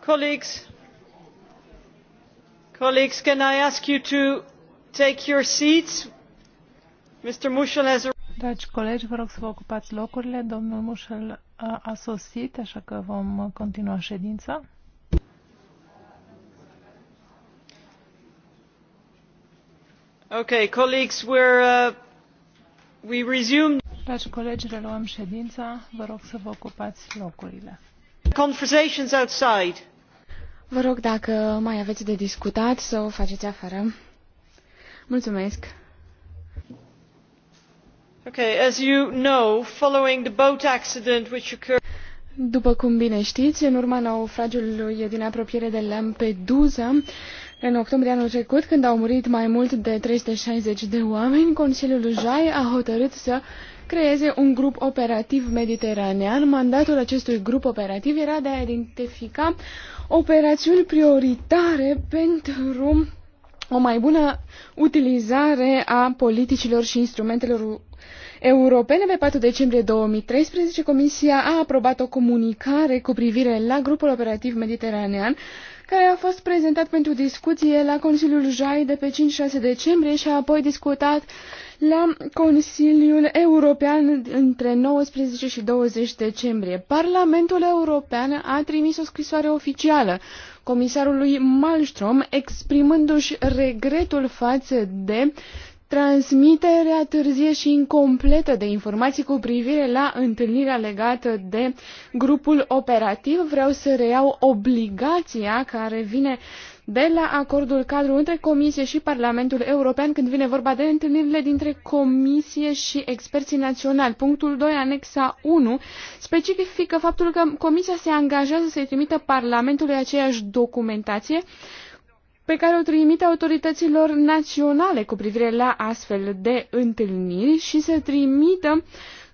Colleagues, colleagues, can I ask you to take your seats? Mr. Mushel has Dragi colegi, vă rog să vă ocupați locurile. Domnul Mușel a, a sosit, așa că vom continua ședința. Okay, colleagues, we're, uh, we resume. Dragi colegi, reluăm ședința. Vă rog să vă ocupați locurile. Conversations outside. Vă rog, dacă mai aveți de discutat, să o faceți afară. Mulțumesc. Okay, as you know, following the boat accident which occurred... După cum bine știți, în urma naufragiului din apropiere de Lampedusa, în octombrie anul trecut, când au murit mai mult de 360 de oameni, Consiliul Jai a hotărât să creeze un grup operativ mediteranean. Mandatul acestui grup operativ era de a identifica operațiuni prioritare pentru o mai bună utilizare a politicilor și instrumentelor europene. Pe 4 decembrie 2013, Comisia a aprobat o comunicare cu privire la grupul operativ mediteranean care a fost prezentat pentru discuție la Consiliul Jai de pe 5-6 decembrie și a apoi discutat la Consiliul European între 19 și 20 decembrie. Parlamentul European a trimis o scrisoare oficială comisarului Malmström exprimându-și regretul față de transmiterea târzie și incompletă de informații cu privire la întâlnirea legată de grupul operativ. Vreau să reiau obligația care vine de la acordul cadru între Comisie și Parlamentul European când vine vorba de întâlnirile dintre Comisie și experții naționali. Punctul 2, anexa 1, specifică faptul că Comisia se angajează să-i trimită Parlamentului aceeași documentație pe care o trimite autorităților naționale cu privire la astfel de întâlniri și să trimită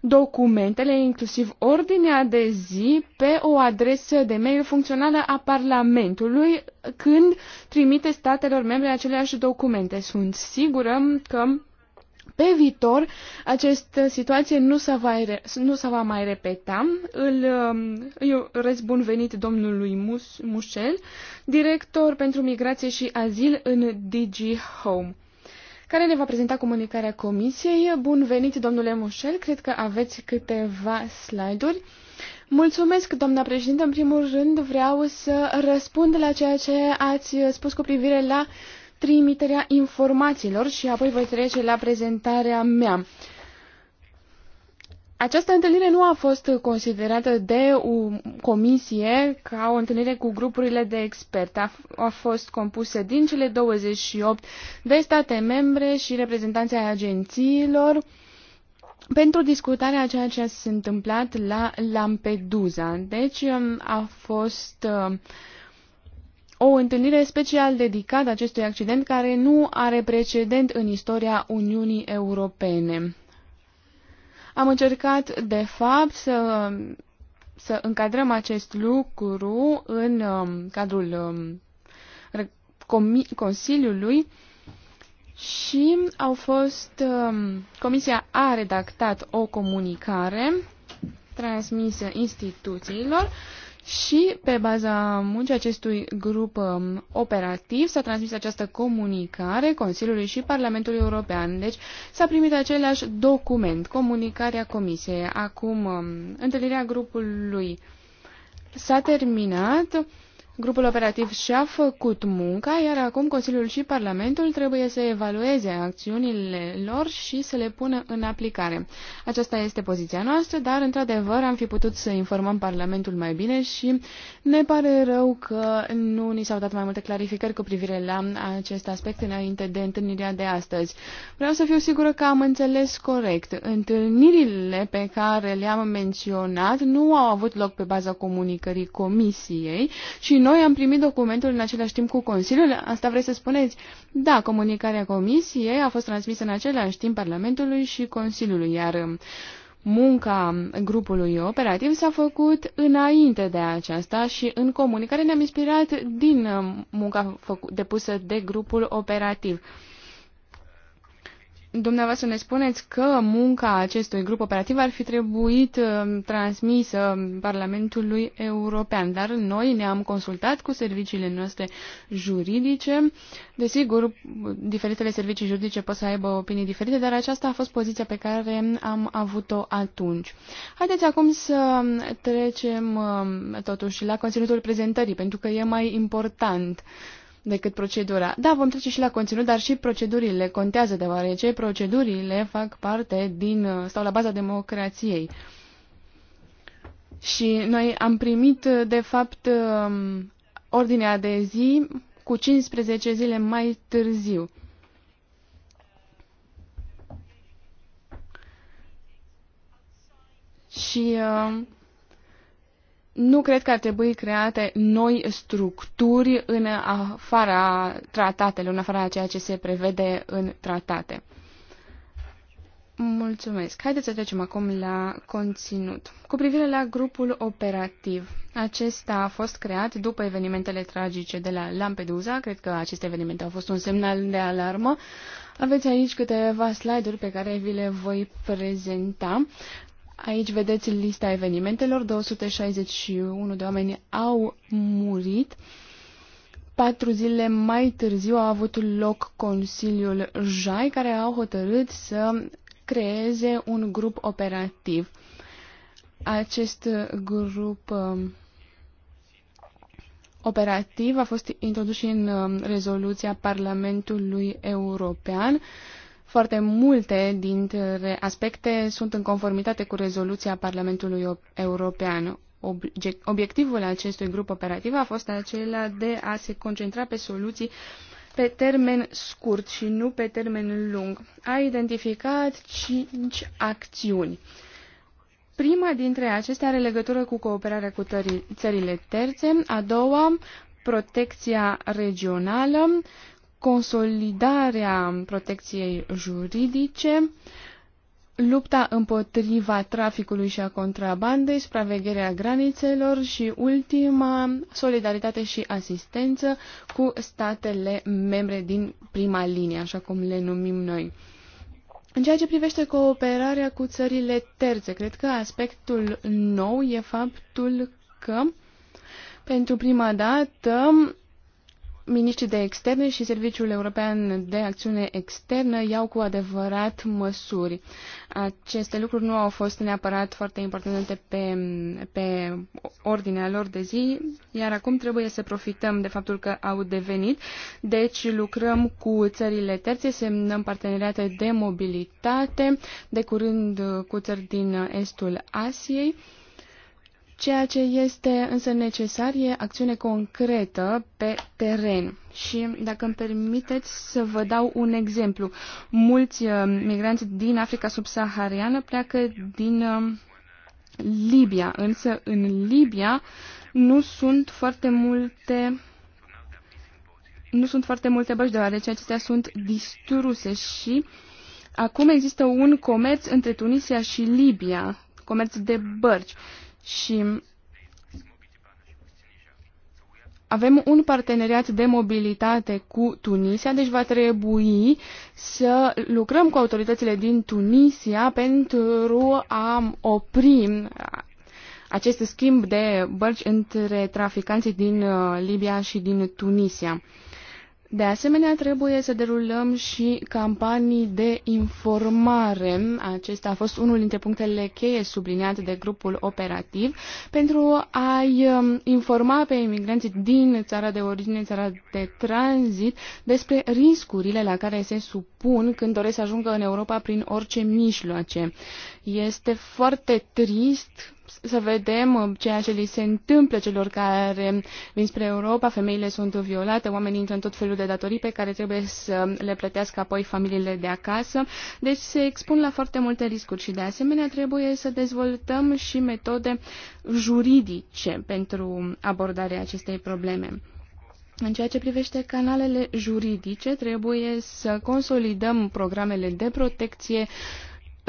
documentele, inclusiv ordinea de zi, pe o adresă de mail funcțională a Parlamentului când trimite statelor membre aceleași documente. Sunt sigură că pe viitor această situație nu se va, nu se va mai repeta. Îl, um, îi urez bun venit domnului Mus, Mușel, director pentru migrație și azil în DG Home care ne va prezenta comunicarea Comisiei. Bun venit, domnule Mușel, cred că aveți câteva slide-uri. Mulțumesc, doamna președintă. În primul rând vreau să răspund la ceea ce ați spus cu privire la trimiterea informațiilor și apoi voi trece la prezentarea mea. Această întâlnire nu a fost considerată de o comisie ca o întâlnire cu grupurile de expert. A, a fost compusă din cele 28 de state membre și reprezentanții agențiilor pentru discutarea a ceea ce s-a întâmplat la Lampedusa. Deci um, a fost uh, o întâlnire special dedicată acestui accident care nu are precedent în istoria Uniunii Europene. Am încercat, de fapt, să, să încadrăm acest lucru în um, cadrul um, Consiliului și au fost, um, Comisia a redactat o comunicare transmisă instituțiilor și pe baza muncii acestui grup um, operativ s-a transmis această comunicare Consiliului și Parlamentului European. Deci s-a primit același document, comunicarea Comisiei. Acum, um, întâlnirea grupului s-a terminat. Grupul operativ și-a făcut munca, iar acum Consiliul și Parlamentul trebuie să evalueze acțiunile lor și să le pună în aplicare. Aceasta este poziția noastră, dar într-adevăr am fi putut să informăm Parlamentul mai bine și ne pare rău că nu ni s-au dat mai multe clarificări cu privire la acest aspect înainte de întâlnirea de astăzi. Vreau să fiu sigură că am înțeles corect. Întâlnirile pe care le-am menționat nu au avut loc pe baza comunicării Comisiei și noi am primit documentul în același timp cu Consiliul, asta vreți să spuneți? Da, comunicarea Comisiei a fost transmisă în același timp Parlamentului și Consiliului, iar um, munca grupului operativ s-a făcut înainte de aceasta și în comunicare ne-am inspirat din um, munca depusă de grupul operativ. Dumneavoastră ne spuneți că munca acestui grup operativ ar fi trebuit uh, transmisă Parlamentului European, dar noi ne-am consultat cu serviciile noastre juridice. Desigur, diferitele servicii juridice pot să aibă opinii diferite, dar aceasta a fost poziția pe care am avut-o atunci. Haideți acum să trecem uh, totuși la conținutul prezentării, pentru că e mai important. Uh, decât procedura. Da, vom trece și la conținut, dar și procedurile contează, deoarece procedurile fac parte din, uh, stau la baza democrației. Și noi am primit, uh, de fapt, um, ordinea de zi cu 15 zile mai târziu. Și uh, nu cred că ar trebui create noi structuri în afara tratatelor, în afara ceea ce se prevede în tratate. Mulțumesc. Haideți să trecem acum la conținut. Cu privire la grupul operativ, acesta a fost creat după evenimentele tragice de la Lampedusa. Cred că aceste evenimente au fost un semnal de alarmă. Aveți aici câteva slide-uri pe care vi le voi prezenta. Aici vedeți lista evenimentelor. 261 de oameni au murit. Patru zile mai târziu a avut loc Consiliul JAI, care au hotărât să creeze un grup operativ. Acest grup um, operativ a fost introdus și în um, rezoluția Parlamentului European foarte multe dintre aspecte sunt în conformitate cu rezoluția Parlamentului European. Obiectivul acestui grup operativ a fost acela de a se concentra pe soluții pe termen scurt și nu pe termen lung. A identificat cinci acțiuni. Prima dintre acestea are legătură cu cooperarea cu țările terțe, a doua protecția regională, consolidarea protecției juridice, lupta împotriva traficului și a contrabandei, supravegherea granițelor și ultima, solidaritate și asistență cu statele membre din prima linie, așa cum le numim noi. În ceea ce privește cooperarea cu țările terțe, cred că aspectul nou e faptul că pentru prima dată Miniștrii de externe și Serviciul European de Acțiune Externă iau cu adevărat măsuri. Aceste lucruri nu au fost neapărat foarte importante pe, pe ordinea lor de zi, iar acum trebuie să profităm de faptul că au devenit. Deci lucrăm cu țările terțe, semnăm parteneriate de mobilitate, de curând cu țări din estul Asiei. Ceea ce este însă necesar e acțiune concretă pe teren. Și dacă îmi permiteți să vă dau un exemplu. Mulți uh, migranți din Africa subsahariană pleacă din uh, Libia, însă în Libia nu sunt foarte multe nu sunt foarte multe băși, deoarece acestea sunt distruse și acum există un comerț între Tunisia și Libia, comerț de bărci și avem un parteneriat de mobilitate cu Tunisia, deci va trebui să lucrăm cu autoritățile din Tunisia pentru a opri acest schimb de bărci între traficanții din uh, Libia și din Tunisia. De asemenea, trebuie să derulăm și campanii de informare. Acesta a fost unul dintre punctele cheie subliniate de grupul operativ pentru a-i um, informa pe imigranții din țara de origine, țara de tranzit, despre riscurile la care se supun când doresc să ajungă în Europa prin orice mijloace. Este foarte trist să vedem uh, ceea ce li se întâmplă celor care vin spre Europa, femeile sunt violate, oamenii intră în tot felul de datorii pe care trebuie să le plătească apoi familiile de acasă, deci se expun la foarte multe riscuri și de asemenea trebuie să dezvoltăm și metode juridice pentru abordarea acestei probleme. În ceea ce privește canalele juridice, trebuie să consolidăm programele de protecție uh,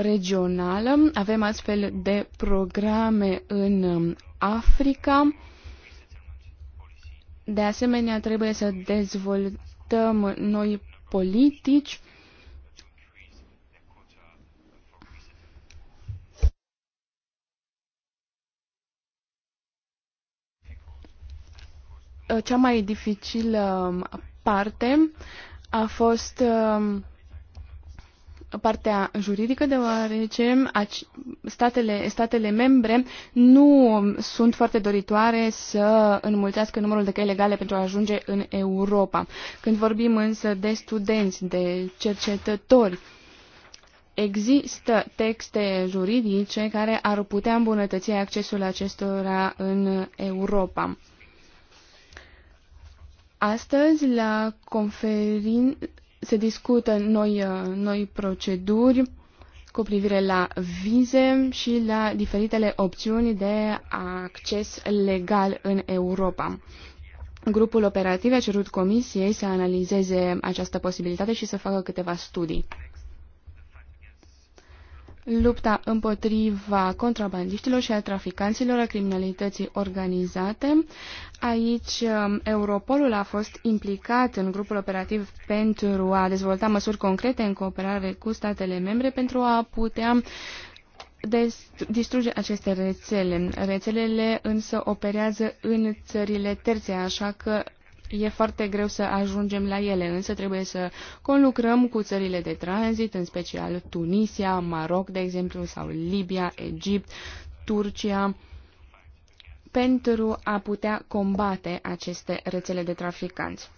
regională. Avem astfel de programe în Africa. De asemenea, trebuie să dezvoltăm noi politici cea mai dificilă parte a fost um, partea juridică, deoarece statele, statele membre nu sunt foarte doritoare să înmulțească numărul de căi legale pentru a ajunge în Europa. Când vorbim însă de studenți, de cercetători, există texte juridice care ar putea îmbunătăți accesul acestora în Europa. Astăzi, la conferință se discută noi, uh, noi proceduri cu privire la vize și la diferitele opțiuni de acces legal în Europa. Grupul operativ a cerut comisiei să analizeze această posibilitate și să facă câteva studii lupta împotriva contrabandiștilor și a traficanților, a criminalității organizate. Aici um, Europolul a fost implicat în grupul operativ pentru a dezvolta măsuri concrete în cooperare cu statele membre pentru a putea distruge aceste rețele. Rețelele însă operează în țările terțe, așa că E foarte greu să ajungem la ele, însă trebuie să conlucrăm cu țările de tranzit, în special Tunisia, Maroc, de exemplu, sau Libia, Egipt, Turcia, pentru a putea combate aceste rețele de traficanți.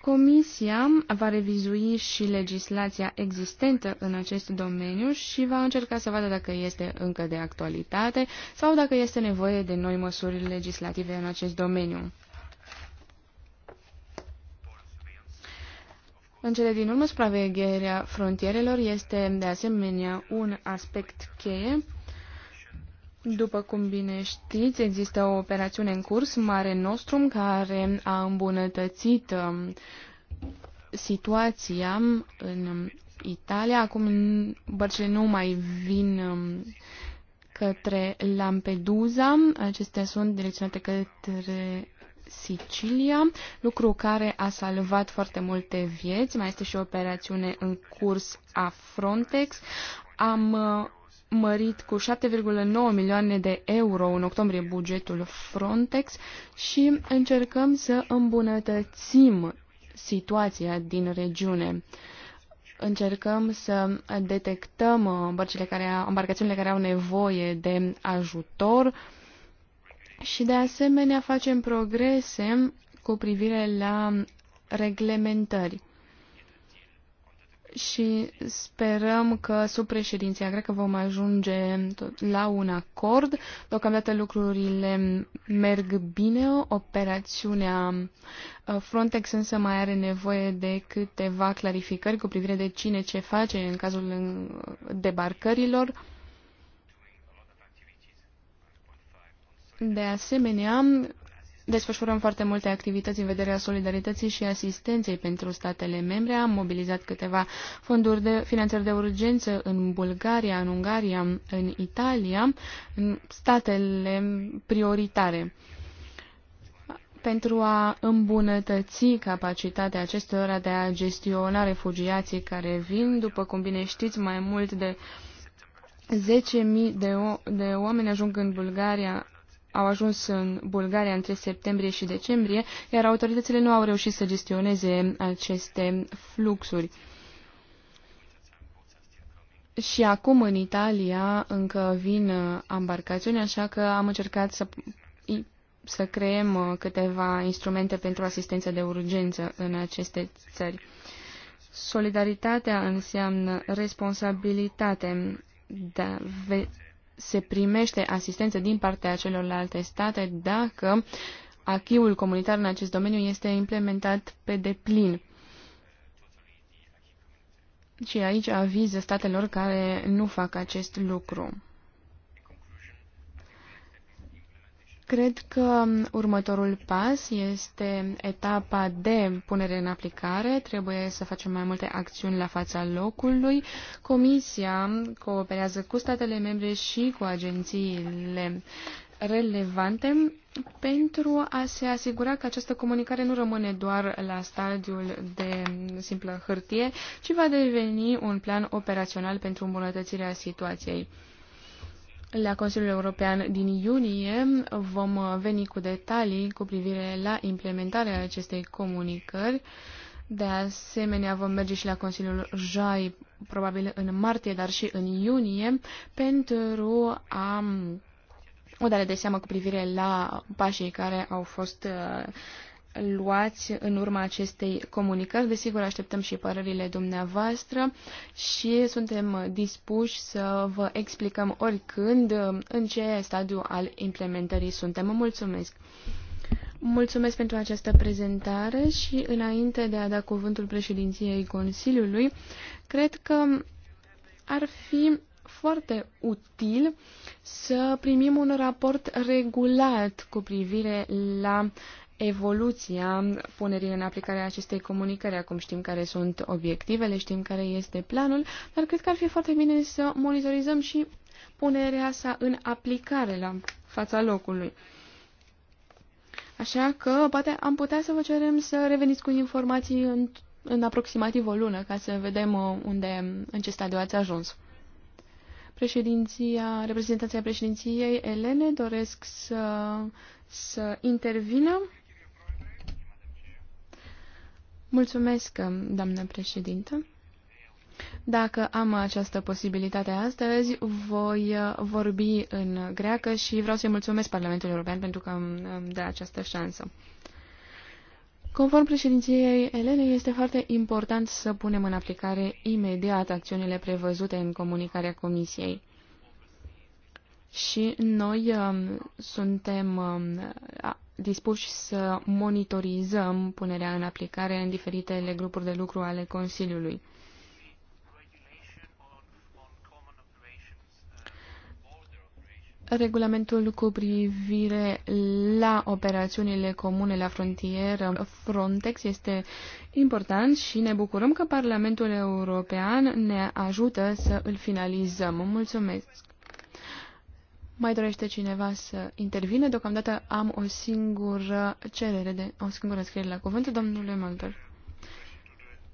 Comisia va revizui și legislația existentă în acest domeniu și va încerca să vadă dacă este încă de actualitate sau dacă este nevoie de noi măsuri legislative în acest domeniu. În cele din urmă, supravegherea frontierelor este de asemenea un aspect cheie. După cum bine știți, există o operațiune în curs, Mare Nostrum, care a îmbunătățit um, situația în Italia. Acum bărcile nu mai vin um, către Lampedusa. Acestea sunt direcționate către Sicilia, lucru care a salvat foarte multe vieți. Mai este și o operațiune în curs a Frontex. Am uh, mărit cu 7,9 milioane de euro în octombrie bugetul Frontex și încercăm să îmbunătățim situația din regiune. Încercăm să detectăm uh, bărcile care, embarcațiunile care au nevoie de ajutor, și de asemenea facem progrese cu privire la reglementări. Și sperăm că sub președinția greacă vom ajunge la un acord. Deocamdată lucrurile merg bine, operațiunea uh, Frontex însă mai are nevoie de câteva clarificări cu privire de cine ce face în cazul uh, debarcărilor De asemenea, desfășurăm foarte multe activități în vederea solidarității și asistenței pentru statele membre. Am mobilizat câteva fonduri de finanțări de urgență în Bulgaria, în Ungaria, în Italia, în statele prioritare pentru a îmbunătăți capacitatea acestora de a gestiona refugiații care vin. După cum bine știți, mai mult de 10.000 de, de oameni ajung în Bulgaria au ajuns în Bulgaria între septembrie și decembrie, iar autoritățile nu au reușit să gestioneze aceste fluxuri. Și acum în Italia încă vin embarcațiuni, așa că am încercat să, să creăm câteva instrumente pentru asistență de urgență în aceste țări. Solidaritatea înseamnă responsabilitate. Da, se primește asistență din partea celorlalte state dacă achiul comunitar în acest domeniu este implementat pe deplin. Și aici aviză statelor care nu fac acest lucru. Cred că următorul pas este etapa de punere în aplicare. Trebuie să facem mai multe acțiuni la fața locului. Comisia cooperează cu statele membre și cu agențiile relevante pentru a se asigura că această comunicare nu rămâne doar la stadiul de simplă hârtie, ci va deveni un plan operațional pentru îmbunătățirea situației. La Consiliul European din iunie vom veni cu detalii cu privire la implementarea acestei comunicări. De asemenea, vom merge și la Consiliul JAI, probabil în martie, dar și în iunie, pentru a o dare de seamă cu privire la pașii care au fost luați în urma acestei comunicări. Desigur, așteptăm și părerile dumneavoastră și suntem dispuși să vă explicăm oricând în ce stadiu al implementării suntem. Mulțumesc! Mulțumesc pentru această prezentare și înainte de a da cuvântul președinției Consiliului, cred că ar fi foarte util să primim un raport regulat cu privire la evoluția punerii în aplicare a acestei comunicări. Acum știm care sunt obiectivele, știm care este planul, dar cred că ar fi foarte bine să monitorizăm și punerea sa în aplicare la fața locului. Așa că poate am putea să vă cerem să reveniți cu informații în, în aproximativ o lună, ca să vedem uh, unde, în ce stadiu ați ajuns. Președinția, reprezentanța președinției, Elene, doresc să, să intervină. Mulțumesc, doamnă președintă. Dacă am această posibilitate astăzi, voi uh, vorbi în greacă și vreau să-i mulțumesc Parlamentului European pentru că îmi dă această șansă. Conform președinției Elene, este foarte important să punem în aplicare imediat acțiunile prevăzute în comunicarea Comisiei și noi um, suntem um, dispuși să monitorizăm punerea în aplicare în diferitele grupuri de lucru ale Consiliului. Regulamentul cu privire la operațiunile comune la frontieră Frontex este important și ne bucurăm că Parlamentul European ne ajută să îl finalizăm. Mulțumesc! Mai dorește cineva să intervine? Deocamdată am o singură cerere, de, o singură scriere la cuvânt, domnule Mulder.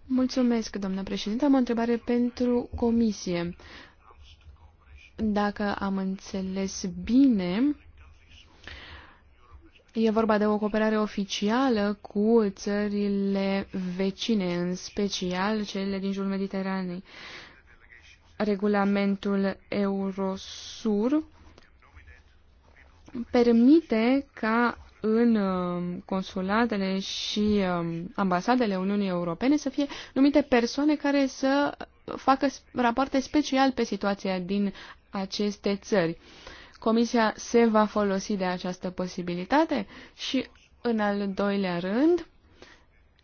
Mulțumesc, doamna președinte. Am o întrebare pentru comisie. Dacă am înțeles bine, e vorba de o cooperare oficială cu țările vecine, în special cele din jurul Mediteranei. Regulamentul Eurosur permite ca în uh, consulatele și um, ambasadele Uniunii Europene să fie numite persoane care să facă rapoarte special pe situația din aceste țări. Comisia se va folosi de această posibilitate și, în al doilea rând,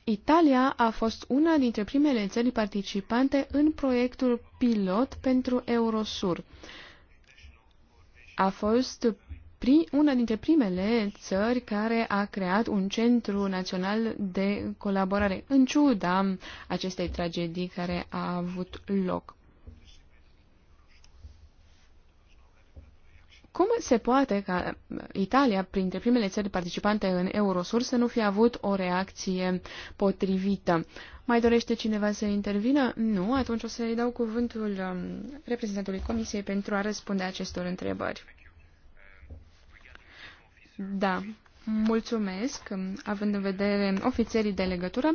Italia a fost una dintre primele țări participante în proiectul pilot pentru Eurosur. A fost una dintre primele țări care a creat un centru național de colaborare, în ciuda acestei tragedii care a avut loc. Cum se poate ca Italia, printre primele țări participante în Eurosur, să nu fi avut o reacție potrivită? Mai dorește cineva să intervină? Nu? Atunci o să-i dau cuvântul um, reprezentantului Comisiei pentru a răspunde acestor întrebări. Da, mulțumesc. Având în vedere ofițerii de legătură,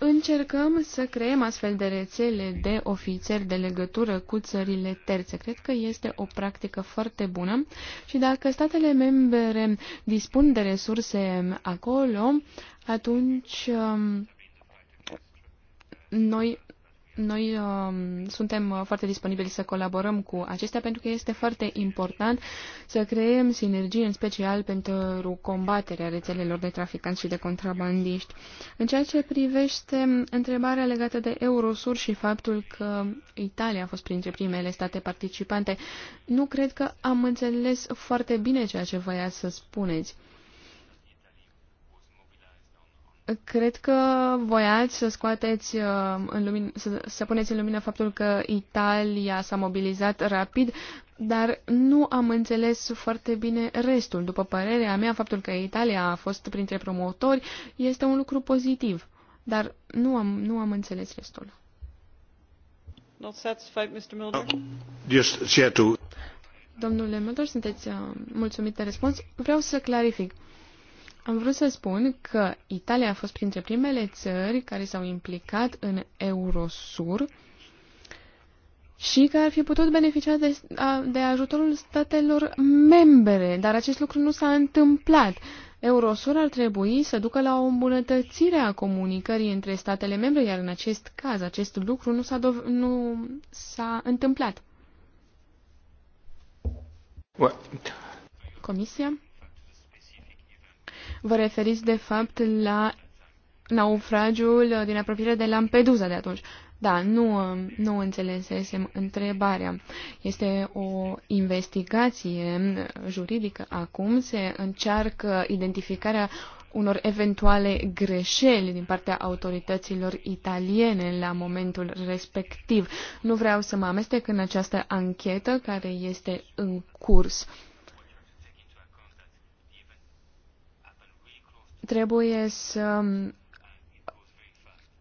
încercăm să creăm astfel de rețele de ofițeri de legătură cu țările terțe. Cred că este o practică foarte bună și dacă statele membre dispun de resurse acolo, atunci um, noi noi uh, suntem uh, foarte disponibili să colaborăm cu acestea pentru că este foarte important să creăm sinergie, în special pentru combaterea rețelelor de traficanți și de contrabandiști. În ceea ce privește întrebarea legată de Eurosur și faptul că Italia a fost printre primele state participante, nu cred că am înțeles foarte bine ceea ce voia să spuneți. Cred că voiați să scoateți uh, în lumină, să, să puneți în lumină faptul că Italia s-a mobilizat rapid, dar nu am înțeles foarte bine restul. După părerea mea, faptul că Italia a fost printre promotori este un lucru pozitiv, dar nu am, nu am înțeles restul. Not satisfied, Mr. Mulder? Uh, oh, yes, share to... Domnule Mulder, sunteți uh, mulțumit de răspuns. Vreau să clarific. Uh, am vrut să spun că Italia a fost printre primele țări care s-au implicat în Eurosur și că ar fi putut beneficia de, de ajutorul statelor membre, dar acest lucru nu s-a întâmplat. Eurosur ar trebui să ducă la o îmbunătățire a comunicării între statele membre, iar în acest caz acest lucru nu s-a, nu s-a întâmplat. What? Comisia? Vă referiți, de fapt, la naufragiul din apropiere de Lampedusa de atunci. Da, nu, nu înțelesesem întrebarea. Este o investigație juridică acum, se încearcă identificarea unor eventuale greșeli din partea autorităților italiene la momentul respectiv. Nu vreau să mă amestec în această anchetă care este în curs. trebuie să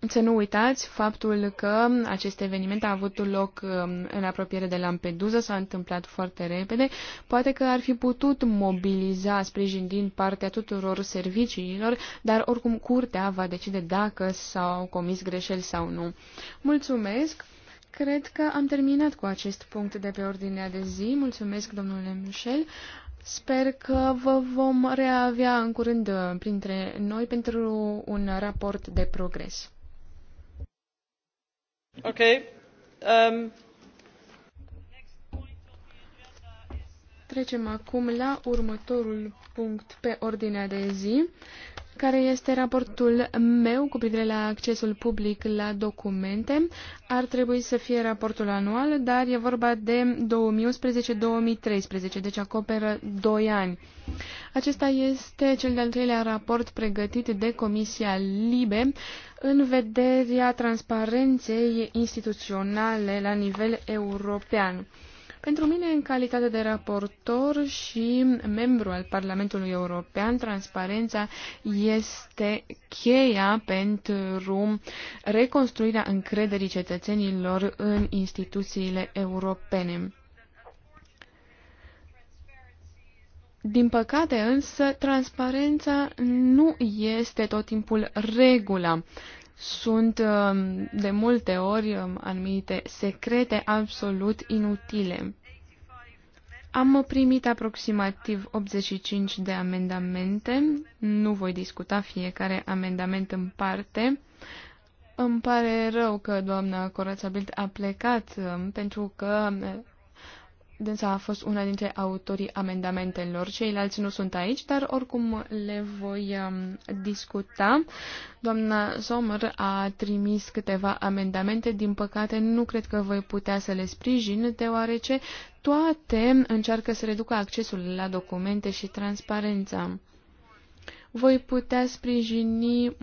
să nu uitați faptul că acest eveniment a avut loc um, în apropiere de Lampedusa, s-a întâmplat foarte repede. Poate că ar fi putut mobiliza sprijin din partea tuturor serviciilor, dar oricum curtea va decide dacă s-au comis greșeli sau nu. Mulțumesc! Cred că am terminat cu acest punct de pe ordinea de zi. Mulțumesc, domnule Michel. Sper că vă vom reavea în curând uh, printre noi pentru un raport de progres. Ok. Um... Trecem acum la următorul punct pe ordinea de zi care este raportul meu cu privire la accesul public la documente. Ar trebui să fie raportul anual, dar e vorba de 2011-2013, deci acoperă 2 ani. Acesta este cel de-al treilea raport pregătit de Comisia Libe în vederea transparenței instituționale la nivel european. Pentru mine, în calitate de raportor și membru al Parlamentului European, transparența este cheia pentru reconstruirea încrederii cetățenilor în instituțiile europene. Din păcate însă, transparența nu este tot timpul regula sunt um, de multe ori um, anumite secrete absolut inutile. Am primit aproximativ 85 de amendamente. Nu voi discuta fiecare amendament în parte. Îmi pare rău că doamna Corațabilt a plecat um, pentru că Dânsa a fost una dintre autorii amendamentelor. Ceilalți nu sunt aici, dar oricum le voi um, discuta. Doamna Sommer a trimis câteva amendamente. Din păcate, nu cred că voi putea să le sprijin, deoarece toate încearcă să reducă accesul la documente și transparența. Voi putea sprijini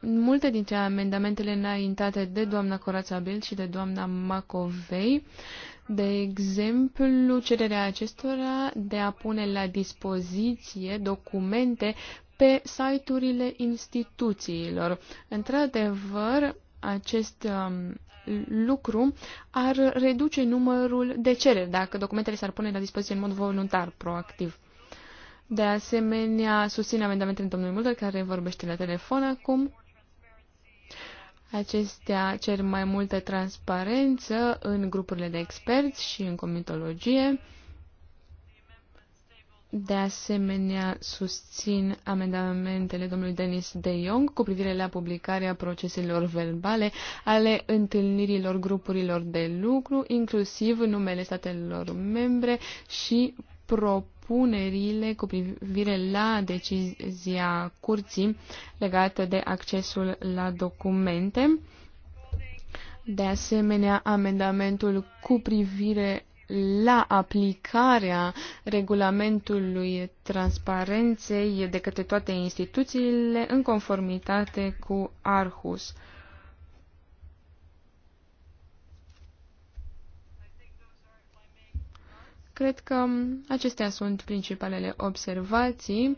multe dintre amendamentele înaintate de doamna Corața Bild și de doamna Macovei de exemplu, cererea acestora de a pune la dispoziție documente pe site-urile instituțiilor. Într-adevăr, acest um, lucru ar reduce numărul de cereri, dacă documentele s-ar pune la dispoziție în mod voluntar, proactiv. De asemenea, susțin amendamentele domnului Mulder, care vorbește la telefon acum. Acestea cer mai multă transparență în grupurile de experți și în comitologie. De asemenea, susțin amendamentele domnului Denis de Jong cu privire la publicarea proceselor verbale ale întâlnirilor grupurilor de lucru, inclusiv numele statelor membre și propunerea propunerile cu privire la decizia curții legată de accesul la documente. De asemenea, amendamentul cu privire la aplicarea regulamentului transparenței de către toate instituțiile în conformitate cu Arhus. Cred că acestea sunt principalele observații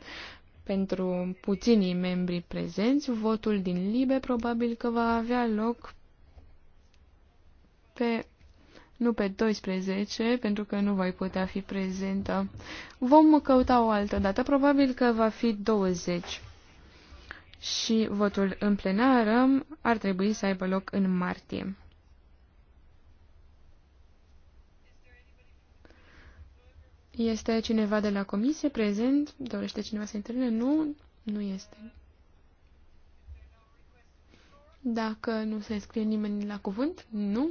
pentru puținii membri prezenți. Votul din Libe probabil că va avea loc pe nu pe 12, pentru că nu voi putea fi prezentă. Vom căuta o altă dată, probabil că va fi 20. Și votul în plenară ar trebui să aibă loc în martie. Este cineva de la comisie prezent? Dorește cineva să intervine? Nu, nu este. Dacă nu se scrie nimeni la cuvânt, nu.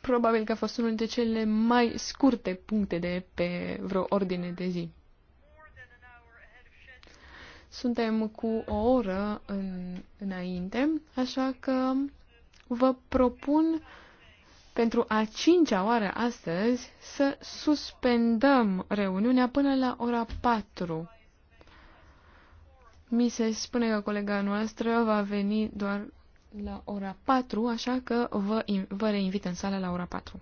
Probabil că a fost unul dintre cele mai scurte puncte de pe vreo ordine de zi. Suntem cu o oră în, înainte, așa că vă propun pentru a cincea oară astăzi să suspendăm reuniunea până la ora 4. Mi se spune că colega noastră va veni doar la ora 4, așa că vă, vă reinvit în sală la ora 4.